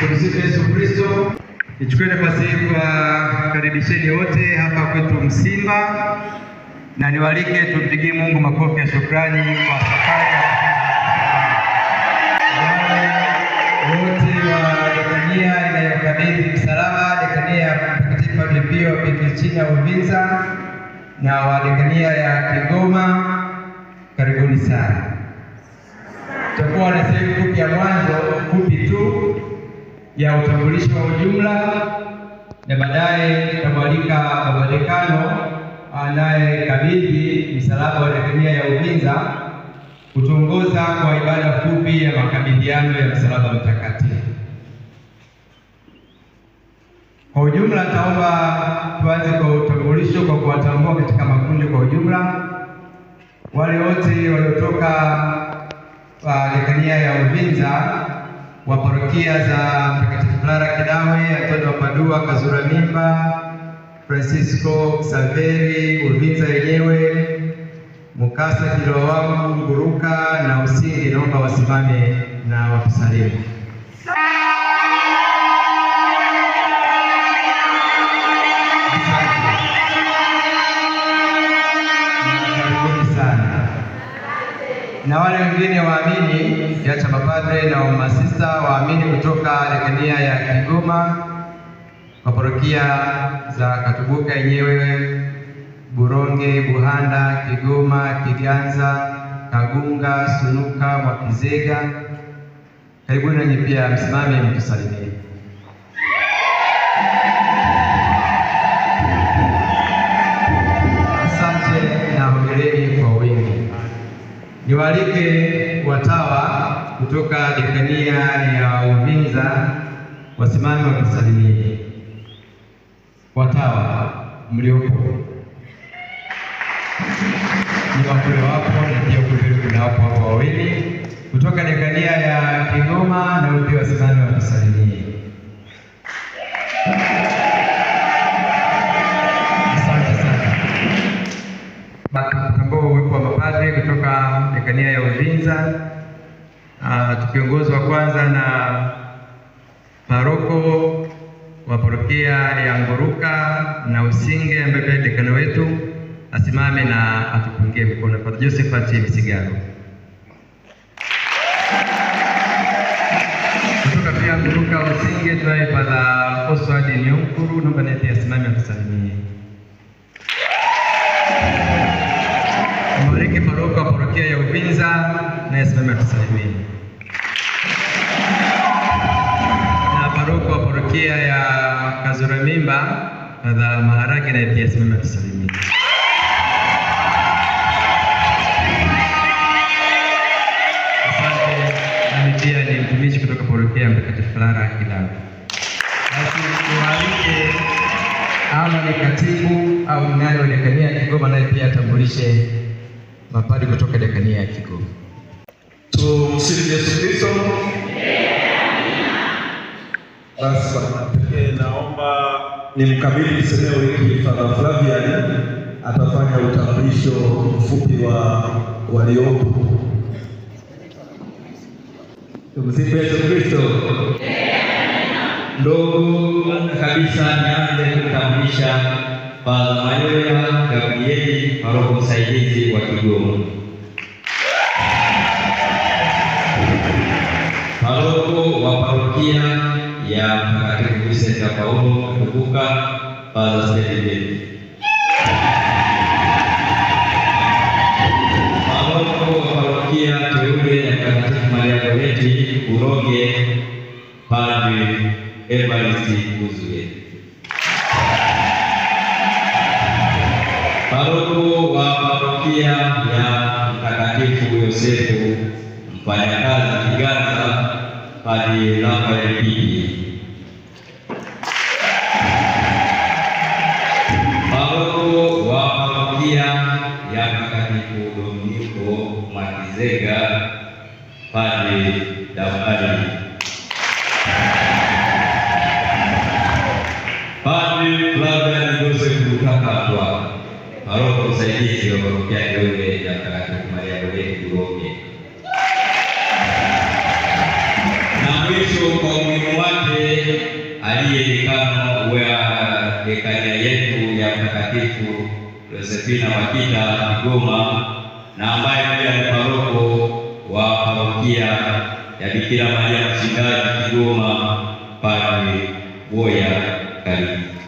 Tumsifu Yesu Kristo. Nichukue nafasi hii kuwakaribisheni wote hapa kwetu Msimba na niwalike tumpigie Mungu makofi ya shukrani kwa safari wote wa dekania inayokabidhi msalaba, dekania ya Mtakatifu Pavyo wa Petrechina Uvinza na wa dekania ya Kigoma, karibuni sana. Tutakuwa na sehemu fupi ya mwanzo fupi tu ya utambulisho wa ujumla, na baadaye tutamwalika Baba Dekano anayekabidhi msalaba wa dekania ya Uvinza kutuongoza kwa ibada fupi ya makabidhiano ya msalaba mtakatifu. Kwa ujumla, taomba tuanze kwa utambulisho kwa kuwatambua katika makundi kwa ujumla wale wote waliotoka uh, dekania ya Uvinza wa parokia za Mtakatifu Clara Kidawe, Antonio wa Padua, Kazura Mimba, Francisco Saveri, uvita yenyewe, Mukasa Kilowangu, Nguruka na Usingi, naomba wasimame na wakusalimu. na wale wengine waamini ya mapadre na masista waamini kutoka rekania ya Kigoma kwa parokia za Katubuka yenyewe, Buronge, Buhanda, Kigoma, Kiganza, Kagunga, Sunuka, Mwakizega. Karibuni nanyi pia msimame mtusalimie. Niwaalike watawa kutoka dekania ya Uvinza wasimame wakusalimie. Watawa mliopo ni wakule wapo na pia kule kuna wapo hapo wawili kutoka dekania ya Kigoma, na pia wasimame wakusalimie. Asante sana wazee kutoka dekania ya Uvinza uh, ah, tukiongozwa kwanza na paroko wa parokia ya Nguruka na Usinge ambaye pia wetu asimame na atupungie mkono Padre Josephat Misigaro kutoka pia Nguruka Usinge tunaye Padre Oswald Nyomkuru, naomba naye asimame atusalimie. mkia ya kazura mimba kadha maharage na pia simama tusalimie. kutoka au dekania ya Kigoma naye pia atambulishe mapadi kutoka dekania ya Kigoma. Tumsifu Yesu Kristo. Rasa e, naomba nimkabidhi kisemeo hiki Padre Flavian atafanya utambulisho mfupi wa waliopo. Tumsifu Yesu Kristo. Ndugu kabisa, nianze kutambulisha Padre Mayoya Gabrieli, paroko msaidizi wa Kigoma. Paroko wa parokia yang mengangkat Indonesia siapa umum terbuka balas jadi Kia teule Yakatati Maria Goreti Uroge Padre Evaristi Uzue. Paroko wa parokia ya Mtakatifu Yosefu mfanyakazi Kiganza hadi namba ya pili. Magogo wa parokia ya Mtakatifu Dominiko Mwakizega, Padre Daftari. Padre Flavian Joseph Lukakapwa, paroko msaidizi wa parokia ya ya Mtakatifu sio kwa umuhimu wake aliye nikano wa dekania yetu ya Mtakatifu Josefina Makita Kigoma na ambaye pia ni paroko wa parokia ya Bikira Maria Mshindaji Kigoma, Padre Woya. Karibu.